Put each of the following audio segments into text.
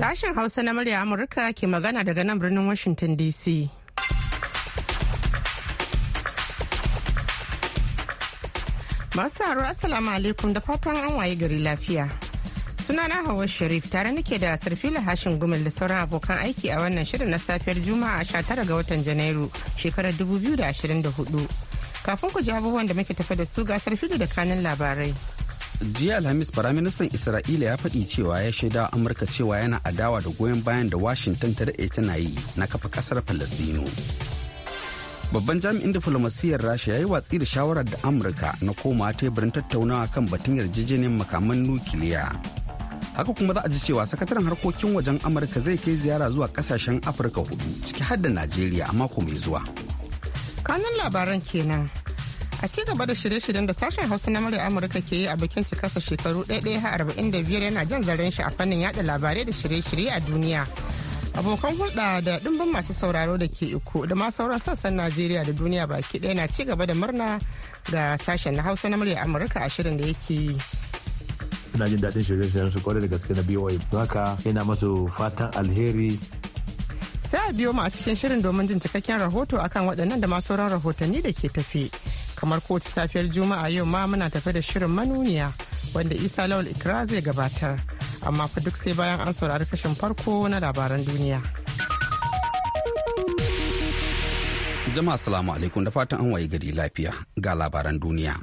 Sashen Hausa na murya Amurka ke magana daga nan birnin Washington DC. Masu haro Assalamu alaikum da fatan an waye gari lafiya. Sunana Hawa Sharif tare nake da Sarfila Hashin gumin da sauran abokan aiki a wannan shirin na safiyar Juma'a 19 ga watan Janairu shekarar 2024. Kafin ku ji abubuwan da muke tafa da su ga Sarfila da kanin labarai. jiya alhamis firaministan isra'ila ya faɗi cewa ya shaida amurka cewa yana adawa da goyon bayan da washington ta daɗe tana yi na kafa ƙasar falastino babban jami'in diflomasiyyar rasha ya yi watsi da shawarar da amurka na koma teburin tattaunawa kan batun yarjejeniyar makaman nukiliya haka kuma za a ji cewa sakataren harkokin wajen amurka zai kai ziyara zuwa kasashen afirka hudu ciki har da najeriya a mako mai zuwa kanan labaran kenan a ci gaba da shirye-shiryen da sashen hausa na murya amurka ke yi a bikin su shekaru ɗaya har arba'in da biyar yana jan zaren shi a fannin yada labarai da shirye-shirye a duniya abokan hulɗa da ɗimbin masu sauraro da ke iko da ma sauran sassan najeriya da duniya baki ɗaya na ci gaba da murna ga sashen na hausa na murya amurka a shirin da yake yi ina jin daɗin shirye-shiryen su kwarai da gaske na biyowa haka yana masu fatan alheri sai a biyo mu a cikin shirin domin jin cikakken rahoto akan waɗannan da ma sauran rahotanni da ke tafi kamar kowace safiyar juma'a yau ma muna tafe da shirin manuniya wanda isa lawal ikra zai gabatar amma fa duk sai bayan an saurari kashin farko na labaran duniya jama'a salamu alaikum da fatan an waye gari lafiya ga labaran duniya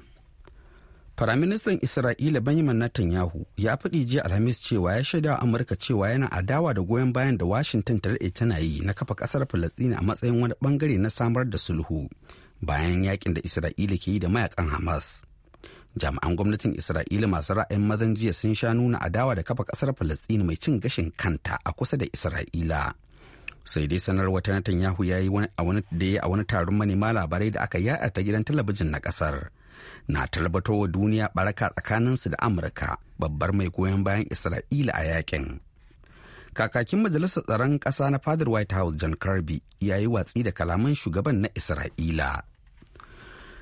Firaministan Isra'ila Benjamin Netanyahu ya faɗi jiya Alhamis cewa ya shaida Amurka cewa yana adawa da goyon bayan da Washington ta daɗe tana yi na kafa ƙasar Falasɗina a matsayin wani ɓangare na samar da sulhu bayan yakin da isra'ila ke yi da mayakan hamas jami'an gwamnatin isra'ila masu ra'ayin mazan jiya sun sha nuna adawa da kafa ƙasar falastini mai cin gashin kanta a kusa da isra'ila sai dai sanarwa ta netanyahu ya yi a wani taron manema labarai da aka yada ta gidan talabijin na ƙasar, na tarbatowa wa duniya baraka tsakaninsu da amurka babbar mai goyon bayan isra'ila a yakin Kakakin Majalisar Tsaron Ƙasa na Fadar White House John Kirby ya yi watsi da kalaman shugaban na Isra'ila.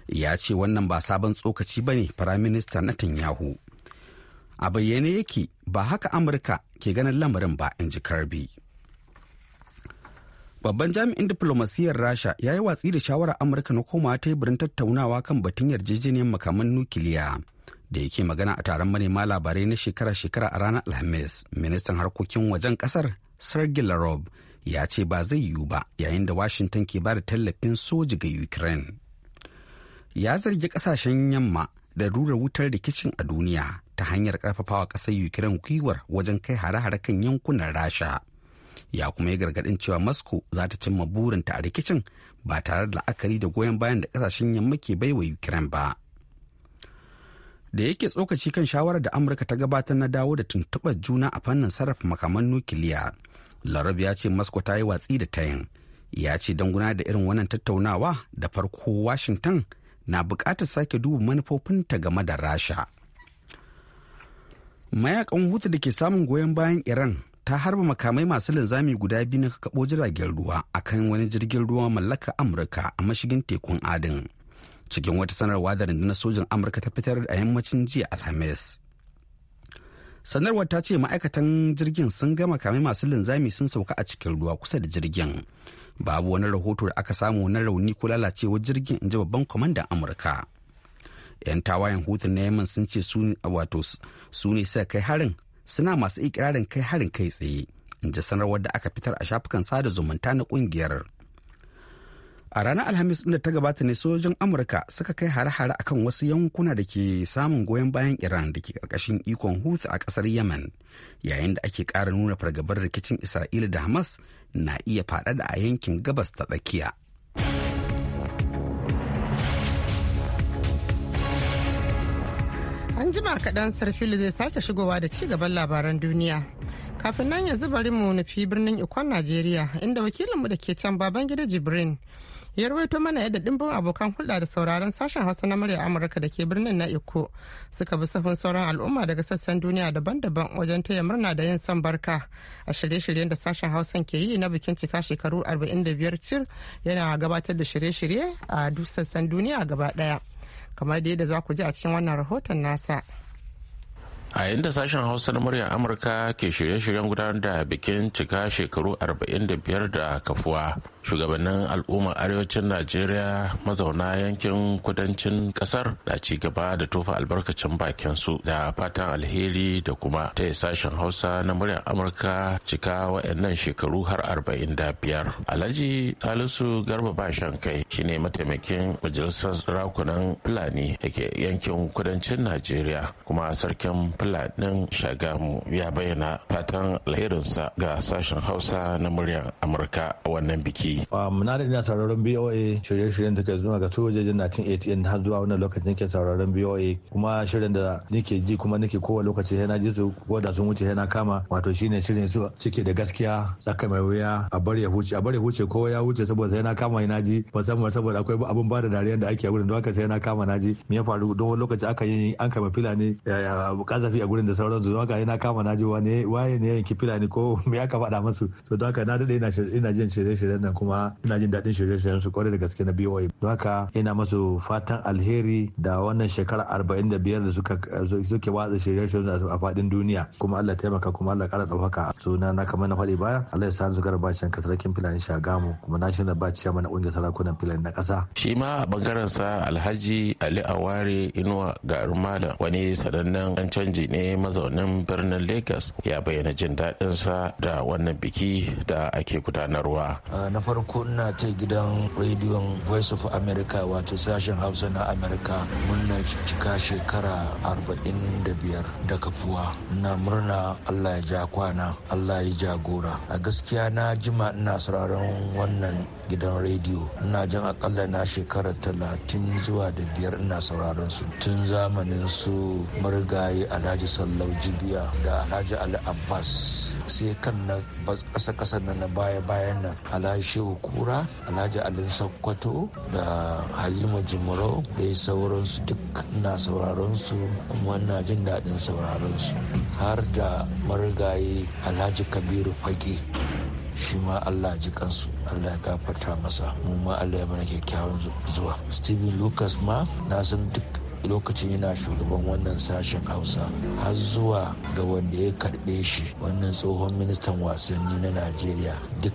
Ya ce wannan ba sabon tsokaci ba ne Firaminista Netanyahu. A bayyane yake ba haka Amurka ke ganin lamarin ba in ji Kirby. Babban jami'in diplomasiyyar Rasha ya yi watsi da shawarar Amurka na komawa teburin tattaunawa kan batun yarjejeniyar makaman nukiliya. da yake magana a taron manema labarai na shekara-shekara a ranar alhamis ministan harkokin wajen kasar sergei Larov, ya ce ba zai yiwu ba yayin da washington ke ba da tallafin soji ga ukraine ya zargi kasashen yamma da rura wutar rikicin a duniya ta hanyar karfafawa kasar ukraine gwiwar wajen kai hare-hare kan yankunan rasha ya kuma yi gargadin cewa moscow za ta cimma burinta a rikicin ba tare da la'akari da goyon bayan da kasashen yamma ke baiwa ukraine ba da yake tsokaci kan shawarar da amurka ta gabatar na dawo da tuntuɓar juna a fannin sarrafa makaman nukiliya larab ya ce moscow ta yi watsi da tayin ya ce don guna da irin wannan tattaunawa da farko washington na buƙatar sake duba manufofinta game da rasha mayakan hutu da ke samun goyon bayan iran ta harba makamai masu linzami guda biyu na kakabo jiragen ruwa akan wani jirgin ruwa mallaka amurka a mashigin tekun adin cikin wata sanarwa da rundunar sojin amurka ta fitar a yammacin jiya alhamis sanarwar ta ce ma'aikatan jirgin sun gama kame masu linzami sun sauka a cikin ruwa kusa da jirgin babu wani rahoto da aka samu na rauni ko lalacewar jirgin in ji babban kwamandan amurka 'yan tawayen hutun na yaman sun ce su wato su ne suka kai harin suna masu ikirarin kai harin kai tsaye in ji sanarwar da aka fitar a shafukan sada zumunta na kungiyar a ranar alhamis da ta gabata ne sojojin amurka suka kai hare-hare akan wasu yankuna da ke samun goyon bayan iran da ke karkashin ikon hutu a kasar yaman yayin da ake kara nuna fargabar rikicin isra'ila da hamas na iya da a yankin gabas ta tsakiya an jima kaɗan sarfilu zai sake shigowa da ci gaban labaran duniya kafin nan yanzu bari mu nufi birnin ikon najeriya inda wakilinmu da ke can baban gida jibrin ya rawaito mana yadda dimbin abokan hulɗa da sauraron sashen hausa na murya amurka da ke birnin na iko suka bi sahun sauran al'umma daga sassan duniya daban-daban wajen taya murna da yin son barka a shirye-shiryen da sashen hausan ke yi na bikin cika shekaru 45 cir yana gabatar da shirye-shirye a duk sassan duniya gaba ɗaya kamar da yadda za ku ji a cikin wannan rahoton nasa. a inda sashen hausa na murya amurka ke shirye-shiryen gudanar da bikin cika shekaru 45 da kafuwa shugabannin al'umma arewacin najeriya mazauna yankin kudancin kasar da ci gaba da tofa albarkacin bakin da fatan alheri da kuma ta yi sashen hausa na muryar amurka cika wa'annan shekaru har 45 alhaji salisu garba bashan kai shine mataimakin majalisar sarakunan fulani da ke yankin kudancin najeriya kuma sarkin shaga mu ya bayyana fatan alherinsa ga sashen Hausa na muryar Amurka a wannan biki. Muna da ina sauraron BOA shirye-shiryen da ke zuwa ga tujejin 1988 har zuwa wannan lokacin ke sauraron BOA kuma shirin da nake ji kuma nake kowa lokaci yana ji su ko da sun wuce yana kama wato shine shirin su cike da gaskiya tsaka mai wuya a bar ya huce a bar ya huce ko ya huce saboda yana kama yana ji musamman saboda akwai abun ba da dariyar da ake a wurin don haka sai yana kama na ji me ya faru don lokaci aka yi an kama filani ya tafi a gurin da sauran don haka yana kama na ji wani waye ne yanki filani ko me aka faɗa masu to don haka na daɗe ina jin shirye-shiryen nan kuma ina jin daɗin shirye-shiryen su kwarai da gaske na BOA don haka ina masu fatan alheri da wannan shekara arba'in da biyar da suka suke watsa shirye-shiryen a faɗin duniya kuma Allah taimaka kuma Allah ƙara ɗaukaka suna na kamar na faɗi baya Allah ya sa su gara bacin kasarakin filani shagamu kuma na shirya baciya mana ƙungiyar sarakunan filani na ƙasa. Shi ma a bangaren sa Alhaji Ali Aware Inuwa Garin Malam wani sanannen canji ne mazaunin birnin lagos ya bayyana jin daɗinsa da wannan biki da ake gudanarwa na farko ina ce gidan rediyon voice of america wato sashen hausa na america muna cika shekara 45 da kafuwa na murna allah ya ja kwana allah ya jagora a gaskiya na jima ina sauraron wannan gidan rediyo ina jin akalla na shekara talatin zuwa da biyar ina sauraron su tun zamanin su marigayi al alhaji sallau jibiya da alhaji ali abbas sai kan na kasa kasa na na baya bayan nan alhaji shehu kura alhaji alin sakkwato da halima jimuro da ya sauransu duk na sauraron su kuma na jin daɗin sauraron su har da marigayi alhaji kabiru fage shi ma Allah ji kansu Allah ya gafarta masa mu ma Allah ya mana kyakkyawan zuwa Steven Lucas ma na san duk lokacin yana shugaban wannan sashen hausa har zuwa ga wanda ya karbe shi wannan tsohon ministan wasanni na najeriya duk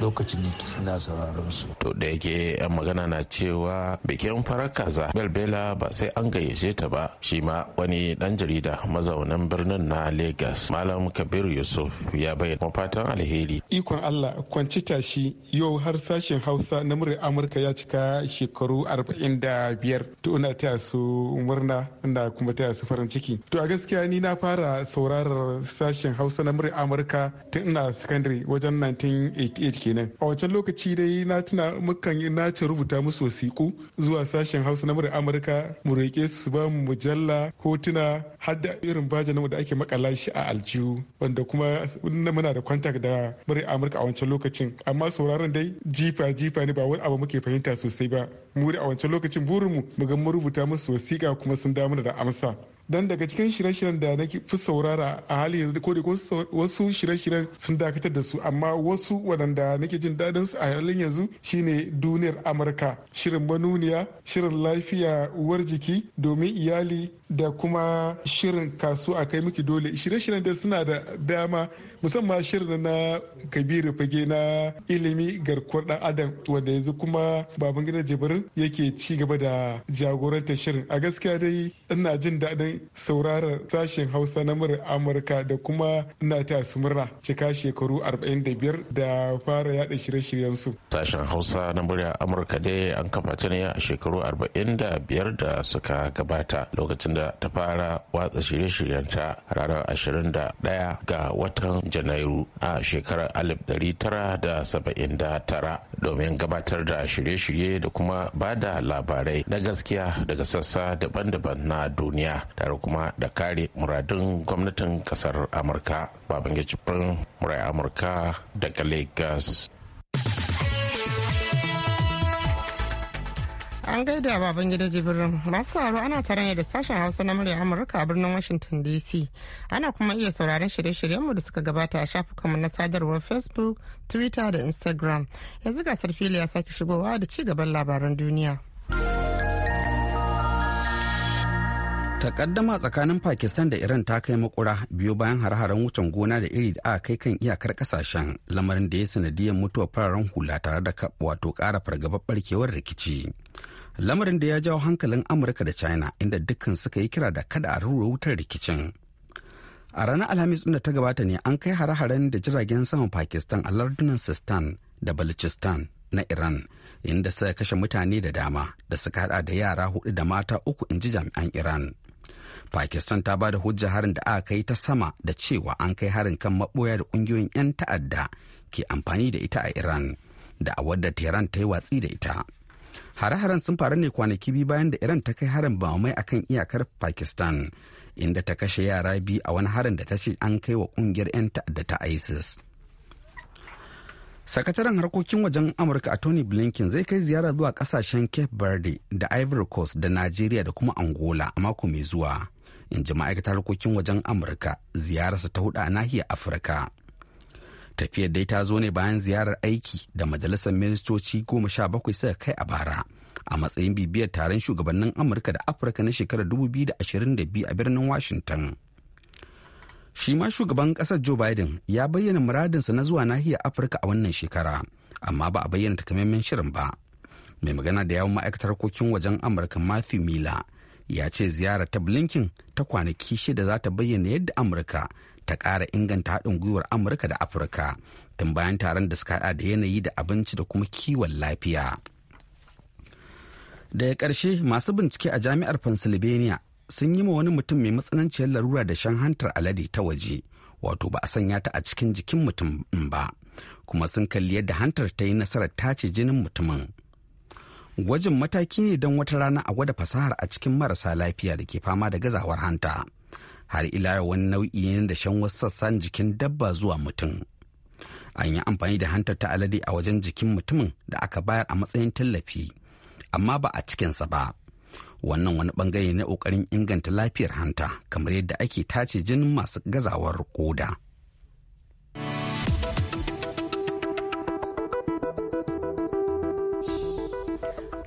lokacin da suna sauraron su. To da yake yan magana na cewa bikin farar kaza belbela ba sai an gayyace ta ba shi ma wani dan jarida mazaunan birnin na Legas, Malam Kabir Yusuf ya bayyana fatan alheri. Ikon Allah kwanci tashi yau har sashen Hausa na murya Amurka ya cika shekaru 45 to ina taya su murna na kuma taya su farin ciki to a gaskiya ni na fara sauraron sashen hausa na murya amurka tun ina secondary wajen 1988 kenan a wancan lokaci dai na tuna mukan na ci rubuta musu wasiƙu zuwa sashen hausa na murya amurka mu roƙe su ba mu mujalla hotuna har da irin bajanin da ake makala shi a aljihu wanda kuma muna da kwantak da murya amurka a wancan lokacin amma sauraron dai jifa jifa ne ba wani abu muke fahimta sosai ba mu da a wancan lokacin burinmu mu ga mu rubuta musu musu wasiƙa kuma sun damu da amsa dan daga cikin shirye-shiryen da nake fi saurara a hali yanzu ko da wasu shirye-shiryen sun dakatar da su amma wasu waɗanda nake jin daɗin su a halin yanzu shine duniyar amurka shirin manuniya shirin lafiya uwar jiki domin iyali da kuma shirin kasu a kai miki dole shirye-shiryen da suna da dama musamman shirin na kabiru fage na ilimi garkuwar dan adam wanda yanzu kuma babangida gida jibrin yake ci gaba da jagorantar shirin a gaskiya dai ina jin daɗin saurara sashen hausa na murar amurka da kuma ina ta su cika shekaru 45 da fara yada shirye-shiryen su sashen hausa na murar amurka dai an kafa ta ne a shekaru 45 da suka gabata lokacin da ta fara watsa shirye shiryen ta ranar 21 ga watan janairu a shekarar 1979 domin gabatar da shirye-shirye da kuma ba da labarai na gaskiya daga sassa daban-daban na duniya tare kuma da kare muradun gwamnatin kasar amurka babangaji firin murai amurka daga lagos an gaida baban gida jibirin masu sauraro ana tare ne da sashen hausa na murya amurka a birnin washington dc ana kuma iya sauraron shirye-shiryenmu da suka gabata a shafukanmu na sadarwar facebook twitter da instagram yanzu ga sarfili ya sake shigowa da ci gaban labaran duniya takaddama tsakanin pakistan da iran ta kai makura biyu bayan hare-haren wucin gona da iri da aka kai kan iyakar kasashen lamarin da ya sanadiyar mutuwar fararen hula tare da wato kara fargabar barkewar rikici lamarin da ya jawo hankalin amurka da china inda dukkan suka yi kira da kada a rura wutar rikicin a ranar alhamis da ta gabata ne an kai hare-haren da jiragen saman pakistan a lardunan sistan da balochistan na Iran inda suka kashe mutane da dama da suka hada da yara hudu da mata uku in ji jami'an Iran. Pakistan ta ba da hujja harin da aka yi ta sama da cewa an kai harin kan maboya da ƙungiyoyin 'yan ta'adda ke amfani da ita a Iran da a wadda Tehran ta yi watsi da ita. Hare-haren sun faru ne kwanaki biyu bayan da Iran ta kai harin bamai akan iyakar Pakistan inda ta kashe yara biyu a wani harin da ta ce an kai wa ƙungiyar 'yan ta'adda ta ISIS. Sakataren harkokin wajen Amurka a Tony Blinken zai kai ziyara zuwa kasashen Cape Verde da Ivory Coast da nigeria da kuma Angola a mako mai zuwa in ji ma'aikatar harkokin wajen amurka ziyararsa ta hudu a nahiyar afirka tafiyar dai ta zo ne bayan ziyarar aiki da majalisar ministoci goma sha bakwai suka kai a bara a matsayin bibiyar taron shugabannin amurka da afirka na shekarar da ashirin biyu a birnin washington shi ma shugaban kasar joe biden ya bayyana muradinsa na zuwa nahiyar afirka a wannan shekara amma ba a bayyana takamaiman shirin ba mai magana da yawon ma'aikatar harkokin wajen amurka matthew miller ya ce ziyarar ta blinken ta kwanaki shida za ta bayyana yadda amurka ta ƙara inganta haɗin gwiwar amurka da afirka tun bayan taron da suka haɗa da yanayi da abinci da kuma kiwon lafiya daga ƙarshe masu bincike a jami'ar pennsylvania sun yi ma wani mutum mai matsananciyar larura da shan hantar alade ta waje wato ba a sanya ta a cikin jikin mutum ba kuma sun kalli yadda hantar ta yi nasarar tace jinin mutumin Gwajin mataki ne don wata rana a gwada fasahar a cikin marasa lafiya da ke fama da gazawar hanta. Har ila yau wani nau'i ne da shan wasu sassan jikin dabba zuwa mutum. An yi amfani da hantar ta alade a wajen jikin mutumin da aka bayar a matsayin tallafi, amma ba a cikinsa ba. Wannan wani bangare na ƙoƙarin inganta lafiyar hanta kamar yadda ake tace jinin masu gazawar koda.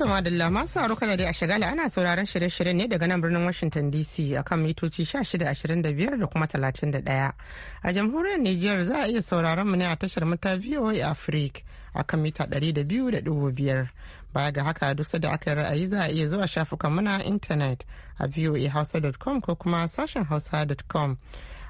To madalla masu aro kana dai a shagala ana sauraron shirye-shiryen ne daga nan birnin Washington DC akan mitoci 1625 da kuma 31. A jamhuriyar Nijar za a iya sauraron mu ne a tashar mata VOA Africa akan mita 200.5. Baya ga haka duk da aka yi ra'ayi za a iya zuwa shafukan muna intanet a voahausa.com ko kuma sashen hausa.com.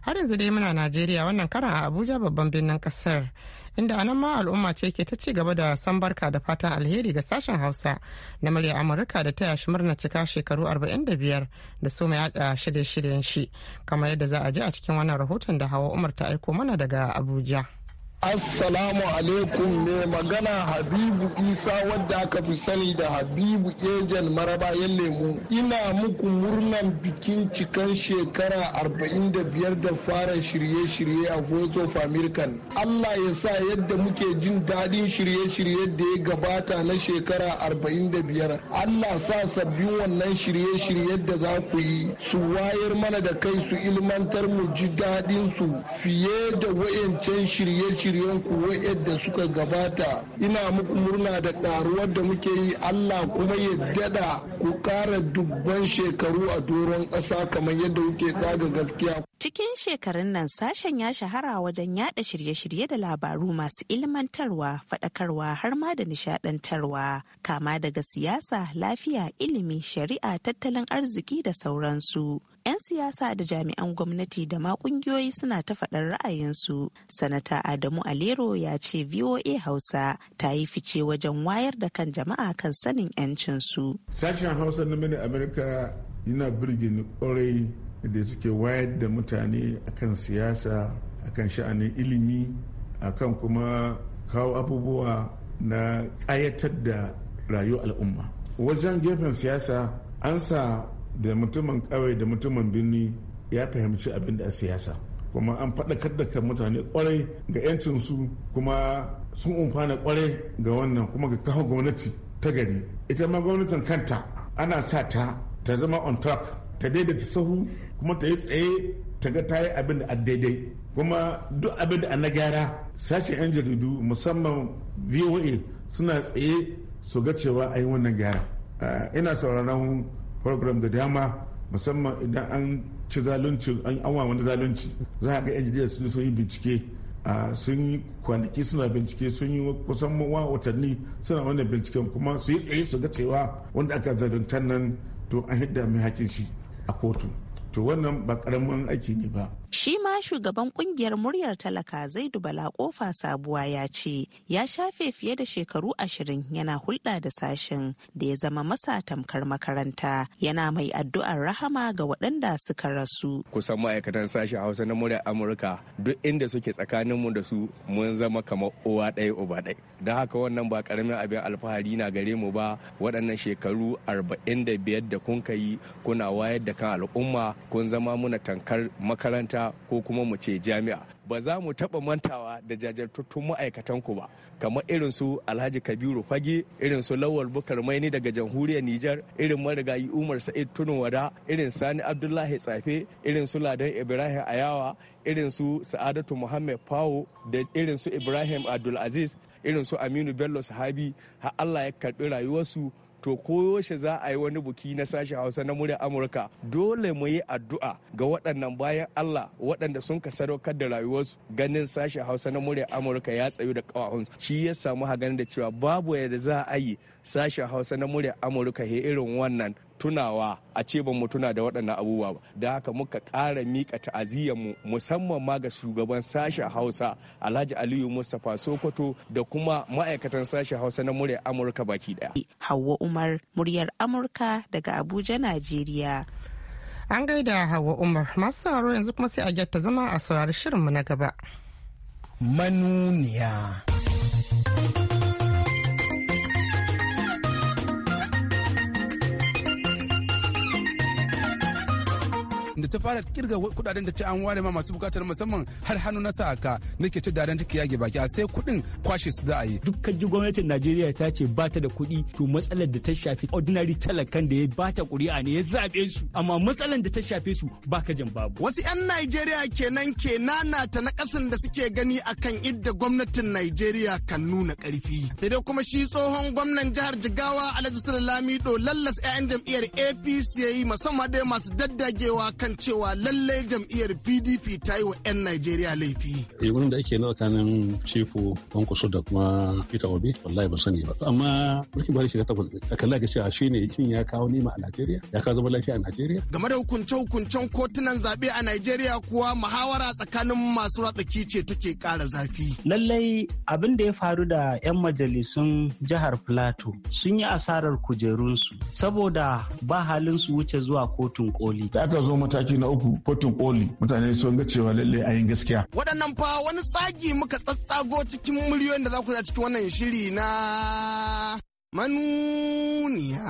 har yanzu dai muna najeriya wannan karan a abuja babban birnin kasar inda anan ma al'umma ce ke ta ci gaba da san barka da fatan alheri ga sashen hausa na murya amurka da ta yashi murna cika shekaru 45 da su mai yada shirye-shiryen shi kamar yadda za a ji a cikin wannan rahoton da hawa umar ta aiko mana daga abuja Assalamu alaikum mai magana Habibu Isa wadda aka fi sani da Habibu Ejen marabayan lemu. Ina muku murnan bikin cikan shekara 45 da fara shirye-shirye a Voice of American. Allah ya sa yadda muke jin daɗin shirye-shirye da ya gabata na shekara 45. Allah sa sabbin wannan shirye-shirye da za ku yi su wayar mana da kai su ilmantar mu ji daɗin su fiye da wa'yancan shirye-shirye shirye-shiryen ku suka gabata ina muku murna da karuwar da muke yi Allah kuma ya dada ku kara dubban shekaru a doron ƙasa kamar yadda kuke tsaga gaskiya. Cikin shekarun nan sashen ya shahara wajen yada shirye-shirye da labaru masu ilmantarwa, faɗakarwa har ma da nishadantarwa, kama daga siyasa, lafiya, ilimi, shari'a, tattalin arziki da sauransu. 'yan siyasa da jami'an gwamnati da ma kungiyoyi suna ta faɗar ra'ayinsu. Sanata Adamu Alero ya ce VOA Hausa ta yi fice wajen wayar da kan jama'a kan sanin yancin su. Sashen Hausa na mini Amerika yana birge ni kwarai da suke wayar da mutane akan siyasa, akan sha'anin ilimi, akan kuma kawo abubuwa na ƙayatar da rayuwar al'umma. Wajen gefen siyasa an sa da mutumin kawai da mutumin birni ya fahimci abin da a siyasa kuma an faɗakar da kan mutane kwarai ga 'yancinsu kuma sun umfana kwarai ga wannan kuma ga kawo gwamnati ta gari ita ma gwamnatin kanta ana sa ta ta zama on track ta daidaita sahu kuma ta yi tsaye ta ga ta yi abin da daidai kuma duk abin da an na gyara sashen 'yan jaridu musamman voa suna tsaye su ga cewa a yi wannan gyara ina sauraron program da dama musamman idan an ci zalunci an awa wani zalunci za a ga yan sun sun yi bincike sun yi kwanaki suna bincike sun yi kusan wa watanni suna wannan binciken kuma su yi tsaye su ga cewa wanda aka zaluntar nan to an hidda mai hakin shi a kotu to wannan ba karamin aiki ne ba. Shi ma shugaban kungiyar muryar talaka Zaidu Bala kofa sabuwa ya ce ya shafe fiye da shekaru ashirin yana hulɗa da sashen da ya zama masa tamkar makaranta yana mai addu'ar rahama ga waɗanda suka rasu. Kusan ma'aikatan sashen Hausa na muryar Amurka duk inda suke tsakaninmu da su mun zama kamar uwa ɗaya uba ɗaya. Don haka wannan ba karamin abin alfahari na gare mu ba waɗannan shekaru arba'in da biyar da kun yi kuna wayar da kan al'umma kun zama muna tankar makaranta ko kuma mu ce jami'a ba za mu taɓa mantawa da jajirtattun ma'aikatanku ba kamar irin su alhaji kabiru fage irin su lawal bukar maini daga jamhuriyar nijar irin marigayi umar sa'id tunun wada irin sani abdullahi tsafe irin su ladan ibrahim ayawa irin su sa'adatu muhammad fawo da irin su ibrahim abdulaziz irin su aminu bello sahabi har allah ya karɓi rayuwarsu to koyaushe za a yi wani buki na sashen hausa na murya amurka dole mu yi addu'a ga waɗannan bayan allah waɗanda sun ka sadaukar da rayuwarsu ganin sashen hausa na murya amurka ya tsayu da ƙawahun shi ya samu haganin da cewa babu yadda za a yi sashen hausa na murya amurka he irin wannan tunawa a ce ba mu tuna da waɗannan abubuwa ba da haka muka ƙara miƙa mu musamman ma ga shugaban sashen hausa alhaji aliyu mustapha sokoto da kuma ma'aikatan sashen hausa na muryar amurka baki ɗaya. hawa umar muryar amurka daga abuja najeriya an gaida hawa umar masu sauraro yanzu kuma sai a gyatta zama a saurari shirinmu na gaba manuniya da ta fara kirga kudaden da ce an ware ma masu bukatar musamman har hannu na sa'aka nake ci daren take yage baki a sai kudin kwashe su za a yi dukkan ji gwamnatin Najeriya ta ce ba ta da kudi to matsalar da ta shafi ordinary talakan da ya ba ta kuri'a ne ya zabe su amma matsalar da ta shafe su ba ka jan babu wasu 'yan Najeriya kenan ke nanata na kasan da suke gani akan idda gwamnatin Najeriya kan nuna karfi sai dai kuma shi tsohon gwamnan jihar Jigawa Alhaji Sallami lallas 'ya'yan jam'iyyar APC yayi musamman dai masu daddagewa kan kan cewa lallai jam'iyyar pdp ta yi wa 'yan najeriya laifi yigunin da ake nawa kanin chief kwankwaso da kuma peter obi wallahi ba sani ba amma mulkin bari shiga takwas a kalla ga cewa ah, shi ne kin ya kawo nima a najeriya ya kawo zama lafiya a najeriya game da hukunce-hukuncen kotunan zaɓe a najeriya kuwa muhawara tsakanin masu ratsaki ce take ƙara zafi lallai abin da ya faru da 'yan majalisun jihar plateau sun yi asarar kujerunsu saboda ba halin su wuce zuwa kotun koli da aka zo mutane mataki na uku kotun koli mutane sun ga cewa lalle a yin gaskiya waɗannan fa wani tsagi muka tsatsago cikin miliyoyin da za ku cikin wannan shiri na manuniya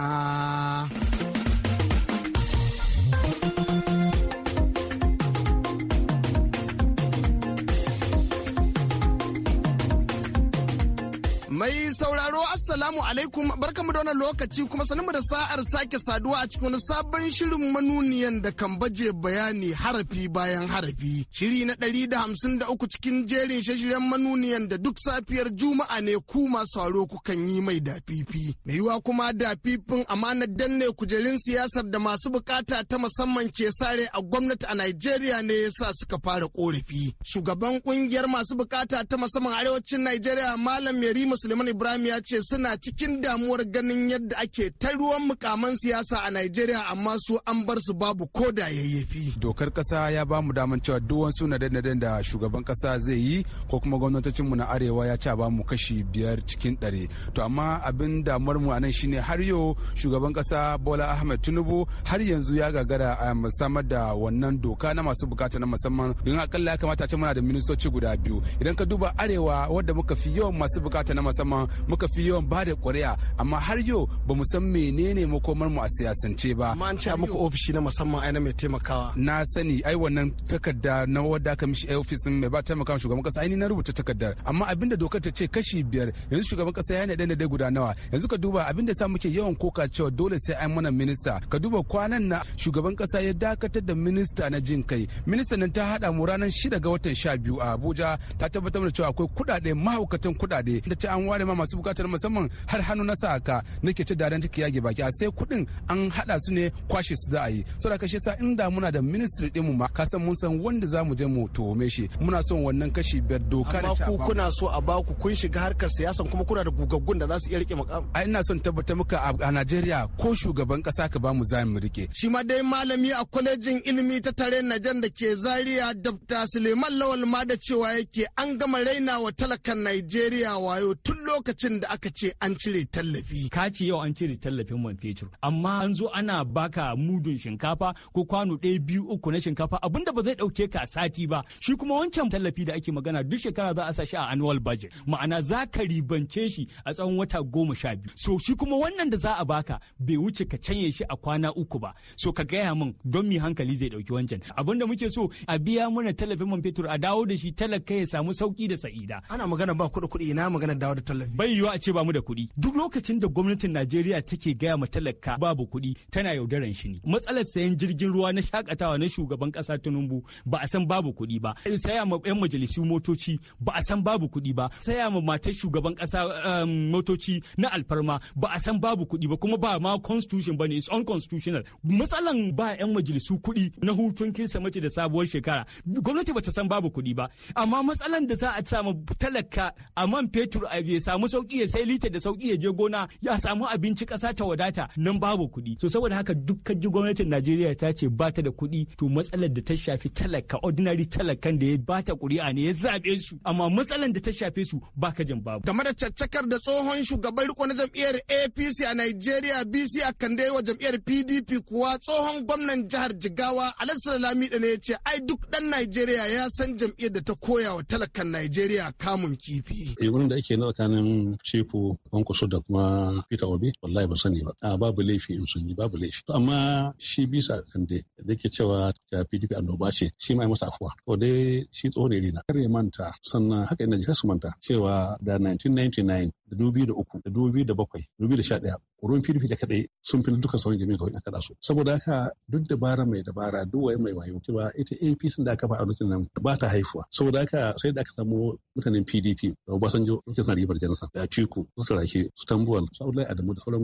Mai sauraro Assalamu alaikum barkamu da wannan lokaci kuma mu da sa'ar sake saduwa a cikin wani sabon shirin manuniyan da kan baje bayani harafi bayan harafi. Shiri na ɗari da hamsin da uku cikin jerin shashiren manuniyan da duk safiyar Juma'a ne ku masu ku kukan yi mai dafifi. Mai yiwa kuma dafifin amanar danne kujerun siyasar da masu bukata ta musamman ke sare a gwamnati a Najeriya ne yasa suka fara korafi. Shugaban kungiyar masu bukata ta musamman arewacin Najeriya Malam Yari Musulmi Suleiman Ibrahim ya ce suna cikin damuwar ganin yadda ake ta ruwan mukaman siyasa a Najeriya amma su an bar su babu ko da yayyafi. Dokar kasa ya ba mu daman cewa duk wasu naden da shugaban kasa zai yi ko kuma gwamnatocin mu na arewa ya ce ba mu kashi biyar cikin ɗari. To amma abin damuwar mu anan shine har yau shugaban kasa Bola Ahmed Tinubu har yanzu ya gagara a um, samar da wannan doka na masu bukata na musamman don akalla ya kamata ce muna da ministoci guda biyu idan ka duba arewa wadda muka fi yawan masu bukata na musamman sama muka fi yawan ba da ƙuri'a amma har yau ba mu san menene makomar mu a siyasance ba ma an ce muku ofishi na musamman aina mai taimakawa na sani ai wannan takarda na wadda aka mishi office din mai ba taimaka shugaban kasa ai ni na rubuta takardar amma abinda dokar ta ce kashi biyar yanzu shugaban kasa ya naɗe naɗe guda nawa yanzu ka duba abinda sa muke yawan koka cewa dole sai an mana minista ka duba kwanan na shugaban kasa ya dakatar da minista na jin kai minista nan ta hada mu ranar shida ga watan sha biyu a abuja ta tabbatar da cewa akwai kuɗaɗe mahaukatan kuɗaɗe da ta an ware ma masu bukatar musamman har hannu na saka nake ce dadan take yage baki a sai kuɗin an haɗa su ne kwashe su za a yi saboda kashe sa inda muna da ministry din mu ma ka san mun san wanda za mu je mu tuhume shi muna son wannan kashi biyar doka da ku kuna so a ba ku kun shiga harkar siyasa kuma kuna da gugaggun da za su iya rike makam ai ina son tabbata muka a Najeriya ko shugaban kasa ka ba mu za mu rike shi ma dai malami a kwalejin ilimi ta tare Najan da ke Zaria Dr. Suleiman Lawal ma da cewa yake an gama raina wa talakan Najeriya wayo tun lokacin da aka ce an cire tallafi. Ka ce yau an cire tallafin man fetur, amma an zo ana baka mudun shinkafa ko kwano ɗaya biyu uku na shinkafa abinda ba zai ɗauke ka sati ba. Shi kuma wancan tallafi da ake magana duk shekara za a sa shi a annual budget. Ma'ana za ka ribance shi a tsawon wata goma sha biyu. So shi kuma wannan da za a baka bai wuce ka canye shi a kwana uku ba. So ka gaya min don mi hankali zai ɗauki wancan. Abinda muke so a biya mana tallafin man fetur a dawo da shi talaka ya samu sauki da sa'ida. Ana magana ba kuɗi kuɗi ina magana dawo da tallafi bai a ce ba mu da kuɗi duk lokacin da gwamnatin Najeriya take gaya ma talaka babu kuɗi tana yaudaran shi ne matsalar sayan jirgin ruwa na shakatawa na shugaban kasa Tinubu ba a san babu kuɗi ba saya ma yan majalisu motoci ba a san babu kuɗi ba saya ma matar shugaban kasa ehm, motoci na alfarma ba a san babu kuɗi ba kuma ba ma constitution ne it's unconstitutional matsalan ba yan majalisu kuɗi na hutun mace da sabuwar shekara gwamnati ba ta san babu kuɗi ba amma matsalan da za a samu talaka a man fetur a ya samu sauki ya sai litar da sauki ya je gona ya samu abinci kasa ta wadata nan babu kuɗi. So saboda haka dukkan ji gwamnatin Najeriya ta ce ba ta da kuɗi to matsalar da ta shafi talaka ordinary talakan da ya ba ta ƙuri'a ne ya zaɓe su amma matsalar da ta shafe su ba ka jin babu. Game da caccakar da tsohon shugaban riko na jam'iyyar APC a Najeriya BC a kande wa jam'iyyar PDP kuwa tsohon gwamnan jihar Jigawa Alhassan Lamida ne ya ce ai duk dan Najeriya ya san jam'iyyar da ta koya wa talakan Najeriya kamun kifi. Eh, da ake nawa tsakanin Cifu Kwankwaso da kuma Peter Obi wallahi ba sani ba. A ah, babu laifi in sun yi babu laifi. Amma shi bisa kande da ke cewa ta PDP annoba ce shi ma masa afuwa. To dai shi tsohon na Kare manta sannan haka ina ji kasu manta cewa da 1999 da dubi da uku da dubi da bakwai da dubi da sha ɗaya ruwan pdp da kaɗai sun fi dukkan sauran jami'a kawai aka su saboda haka duk dabara mai dabara duk waye mai wayo ba ita apc da aka ba a lokacin nan ba ta haifuwa saboda haka sai da aka samu mutanen pdp da obasanjo suke son ribar jansa da ciku su sarake su tambuwal su adamu da sauran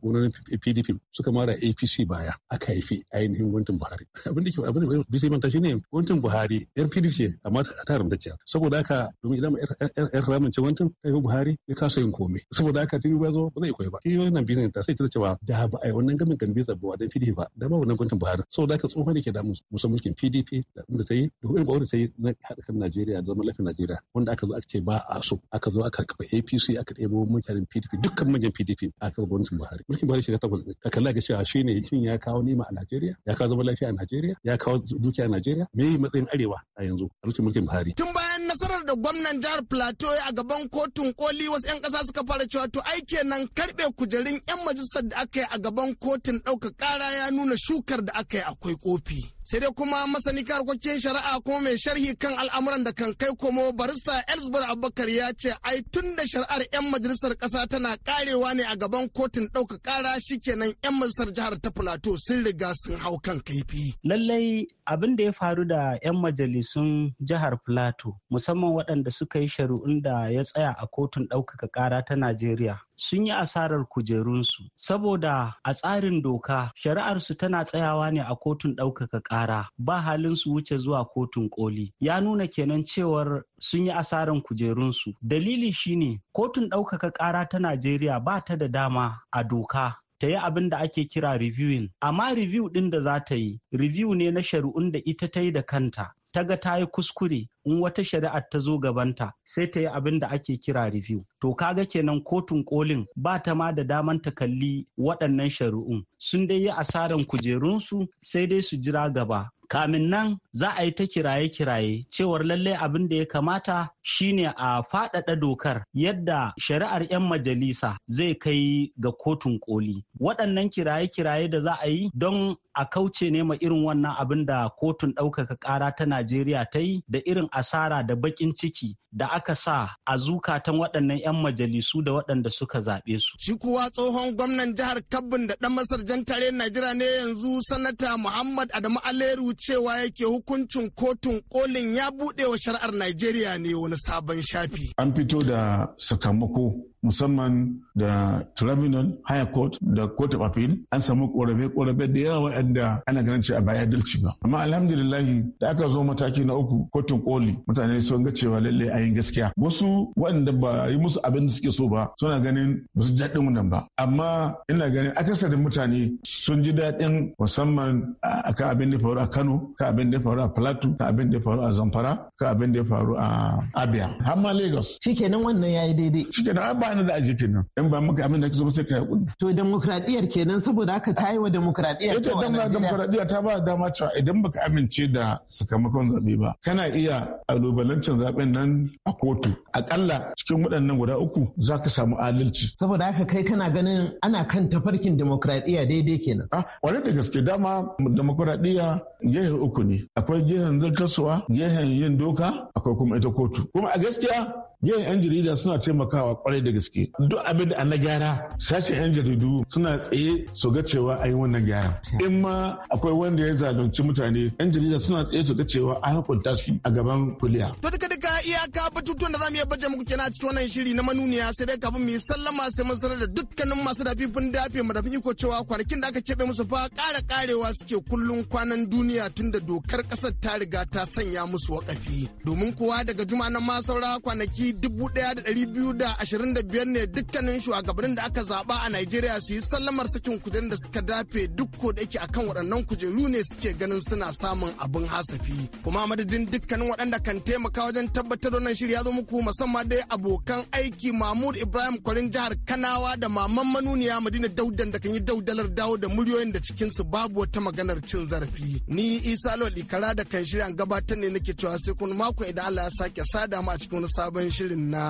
gwamnonin pdp suka mara apc baya aka haifi ainihin gwamnatin buhari abin da ke abin da bisa manta shine gwamnatin buhari yar pdp ce amma ta haramtacciya saboda haka domin idan yar ramin ce gwamnatin ta buhari ya kasu kasa yin komai saboda haka tun ya zo ba zai koyi ba shi wannan business ta sai ta cewa da ba ai wannan gamin kan bisa ba dan PDP ba da ba wannan gwamnatin Buhari saboda haka tsohon ne ke da musu mulkin PDP da inda ta da kuma da ta na haɗa kan Najeriya da zaman Najeriya wanda aka zo aka ce ba a so aka zo aka kafa APC aka ɗebo mutanen PDP dukkan manyan PDP a kan gwamnatin Buhari mulkin Buhari shi ta takwas ka kalla ga cewa shi ne shin ya kawo nima a Najeriya ya kawo zaman lafiya a Najeriya ya kawo dukiya a Najeriya me matsayin arewa a yanzu a mulkin Buhari tun bayan nasarar da gwamnan jihar Plateau a gaban kotun koli wasu 'yan kasa suka fara cewa to ai kenan karɓe kujerun 'yan majalisar da aka yi a gaban kotun ɗaukar ƙara ya nuna shukar da aka yi akwai kofi. sai dai kuma masani harkokin shari'a kuma mai sharhi kan al'amuran da kan kai komo barista elsbar abubakar ya ce ai tun da shari'ar 'yan majalisar ƙasa tana karewa ne a gaban kotun ɗauka ƙara kenan 'yan majalisar jihar ta plateau sun riga sun hau kan kaifi lallai abin da ya faru da 'yan majalisun jihar plateau musamman waɗanda suka yi shari'un da ya tsaya a kotun ɗaukaka ƙara ta najeriya sun yi asarar kujerunsu saboda a tsarin doka shari'arsu tana tsayawa ne a kotun ɗaukaka ƙara ba halin su wuce zuwa kotun koli ya nuna kenan cewar sun yi asarar kujerunsu dalili shine kotun ɗaukaka ƙara ta najeriya ba ta da dama a doka ta yi abin da ake kira reviewing amma review ɗin da za ta yi review ne na shari'un da ita ta yi da kanta ta ga ta yi kuskure in wata shari'ar ta zo gabanta sai ta yi abin da ake kira review to kaga kenan kotun kolin ba ta ma da daman ta kalli waɗannan shari'un sun dai yi asarar kujerunsu sai dai su jira gaba kamin nan za a yi ta kiraye-kiraye cewar lallai abin da ya kamata shine a faɗaɗa dokar yadda shari'ar 'yan majalisa zai kai ga kotun koli waɗannan kiraye-kiraye da za a yi don a kauce ne ma irin wannan abin da kotun ɗaukaka ƙara ta Najeriya ta yi da irin asara da baƙin ciki da aka sa a zukatan waɗannan 'yan majalisu da waɗanda suka zaɓe su. Shi kuwa tsohon gwamnan jihar Kabbin da ɗan Masar jan tare Najeriya ne yanzu sanata Muhammad Adamu Aleru cewa yake hukuncin kotun kolin ya buɗe wa shari'ar Najeriya ne wani sabon shafi. An fito da sakamako musamman da tribunal high court da court of appeal an samu korafe-korafe da yawa waɗanda ana ganin cewa ba adalci ba amma alhamdulillah da aka zo mataki na uku kotun koli mutane sun ga cewa lalle a yin gaskiya wasu waɗanda ba yi musu abin da suke so ba suna ganin ba su daɗin wannan ba amma ina ganin akasarin mutane sun ji daɗin musamman kan abin da faru a kano kan abin da faru a plateau kan abin da faru a zamfara kan abin da faru a abia har ma lagos shikenan wannan yayi daidai shikenan ba ba da aje kenan in ba maka abin da kake so sai ka hakuri to demokradiyar kenan saboda haka ta yi wa demokradiyar ita demokradiyar ta ba dama cewa idan baka amince da sakamakon zabe ba kana iya alubalancin zaben nan a kotu akalla cikin waɗannan guda uku za ka samu adalci saboda haka kai kana ganin ana kan tafarkin demokradiyya daidai kenan ah wani da gaske dama demokradiyya gehe uku ne akwai gehen zartaswa gehen yin doka akwai kuma ita kotu kuma a gaskiya Yin 'yan jarida suna taimakawa kwarai da gaske. Duk abin da na gyara sashen 'yan jaridu suna tsaye su ga cewa a yi wannan gyara. In ma akwai wanda ya zalunci mutane 'yan jarida suna tsaye su ga cewa a hukunta shi a gaban kuliya. To duka duka iyaka batutuwan da za mu iya baje muku kenan a cikin wannan shiri na manuniya sai dai kafin mu yi sallama sai mun sanar da dukkanin masu dafifin dafe mu da iko cewa kwanakin da aka keɓe musu fa ƙara ƙarewa suke kullum kwanan duniya tun da dokar ƙasar ta riga ta sanya musu wakafi. Domin kowa daga juma na ma saura kwanaki 1,225 ne dukkanin shugabannin da aka zaba a Najeriya su yi sallamar sakin kudin da suka dafe duk ko da yake akan waɗannan kujeru ne suke ganin suna samun abin hasafi. Kuma madadin dukkanin waɗanda kan taimaka wajen tabbatar wannan shirya ya zo muku musamman dai abokan aiki Mahmud Ibrahim Kwarin jihar Kanawa da Maman Manuniya Madina Daudan da kan yi daudalar dawo da muryoyin da cikinsu babu wata maganar cin zarafi. Ni Isa Lawal Ikara da kan shirya gabatar ne nake cewa sai kun mako idan Allah ya sake sada mu a cikin wani sabon shirin na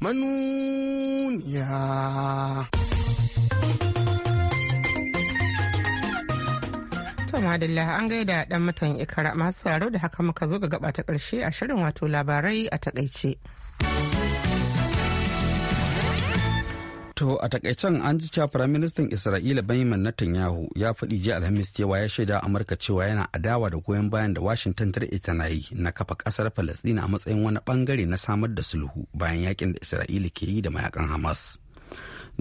manuniya. madalla an gaida dan mutan ikara masu tsaro da haka muka zo ga gaba ta karshe a shirin wato labarai a takaice. To a takaicen an ji cewa Firaministan Isra'ila Benjamin Netanyahu ya faɗi jiya Alhamis cewa ya shaida Amurka cewa yana adawa da goyon bayan da Washington ta ita na yi na kafa ƙasar Falasɗina a matsayin wani ɓangare na samar da sulhu bayan yakin da Isra'ila ke yi da mayakan Hamas.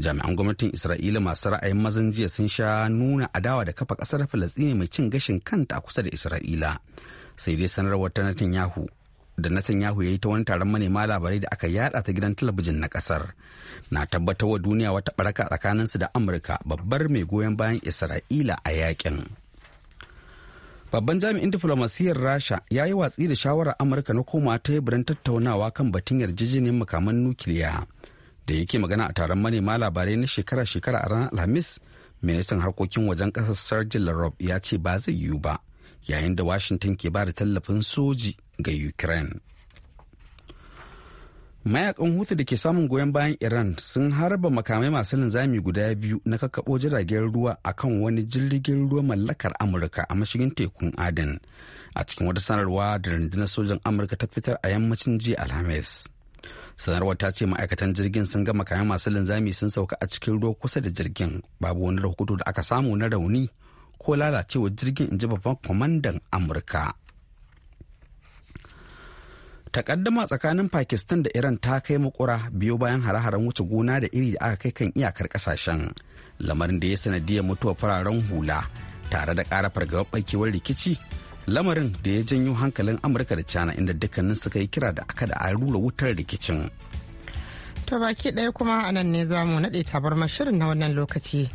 Jami'an gwamnatin Isra'ila masu ra'ayin mazan jiya sun sha nuna adawa da kafa ƙasar Falasɗina mai cin gashin kanta a kusa da Isra'ila. Sai dai sanarwar ta Netanyahu da Netanyahu ya yi ta wani taron manema labarai da aka yada ta gidan talabijin na kasar na tabbatar wa duniya wata baraka su da Amurka babbar mai goyon bayan Isra'ila a yakin. Babban jami'in diflomasiyyar Rasha ya yi watsi da shawarar Amurka na koma teburin tattaunawa kan batun yarjejeniyar makaman nukiliya da yake magana a taron manema labarai na shekara-shekara a ranar Alhamis ministan harkokin wajen kasar Sergei larob ya ce ba zai yiwu ba yayin da washington ke ba da tallafin soji ga ukraine mayakan hutu da ke samun goyon bayan iran sun harba makamai masu linzami guda biyu na kakkaɓo jiragen ruwa a kan wani jirgin ruwa mallakar amurka a mashigin tekun aden a cikin wata sanarwa da rundunar sojan amurka ta fitar a yammacin jiya alhamis sanarwar ta ce ma'aikatan jirgin sun ga makamai masu linzami sun sauka a cikin ruwa kusa da jirgin babu wani rahoto da aka samu na rauni ko lalacewa jirgin inji babban kwamandan amurka takaddama tsakanin pakistan da iran ta kai makura biyu bayan hare-haren wuce gona da iri da aka kai kan iyakar kasashen lamarin da ya sanadiyar mutuwa fararen hula tare da ƙara fargabar rikici lamarin da ya janyo hankalin amurka da china inda dukkanin suka yi kira da aka da a rura wutar rikicin ta baki ɗaya kuma a nan ne zamu naɗe tabar mashirin na wannan lokaci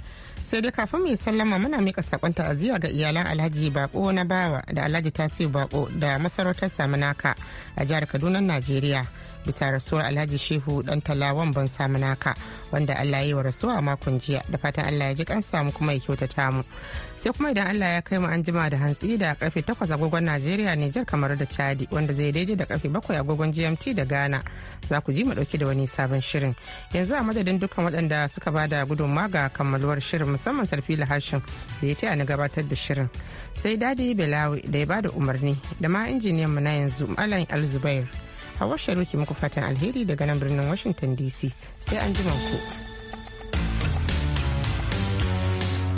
sai dai kafin mai sallama muna mika sakon ta'aziyya ga iyalan alhaji bako na bawa da alhaji tasiu bako da masarautar samunaka a jihar kaduna najeriya bisa rasuwar alhaji shehu dan talawan ban samu naka wanda allah yi wa rasuwa a makon jiya da fatan allah ya ji kan samu kuma ya kyautata mu sai kuma idan allah ya kai mu an jima da hantsi da karfe 8 agogon najeriya nijar kamar da chadi wanda zai daidai da karfe 7 agogon gmt da ghana za ku ji mu dauki da wani sabon shirin yanzu a madadin dukkan waɗanda suka ba da gudunmawa ga kammaluwar shirin musamman sarfila hashin da ya taya ni gabatar da shirin sai dadi belawi da ya ba da umarni da ma injiniyan mu na yanzu malam alzubair hawa sharuki muku fatan alheri daga nan birnin washington dc sai an ku.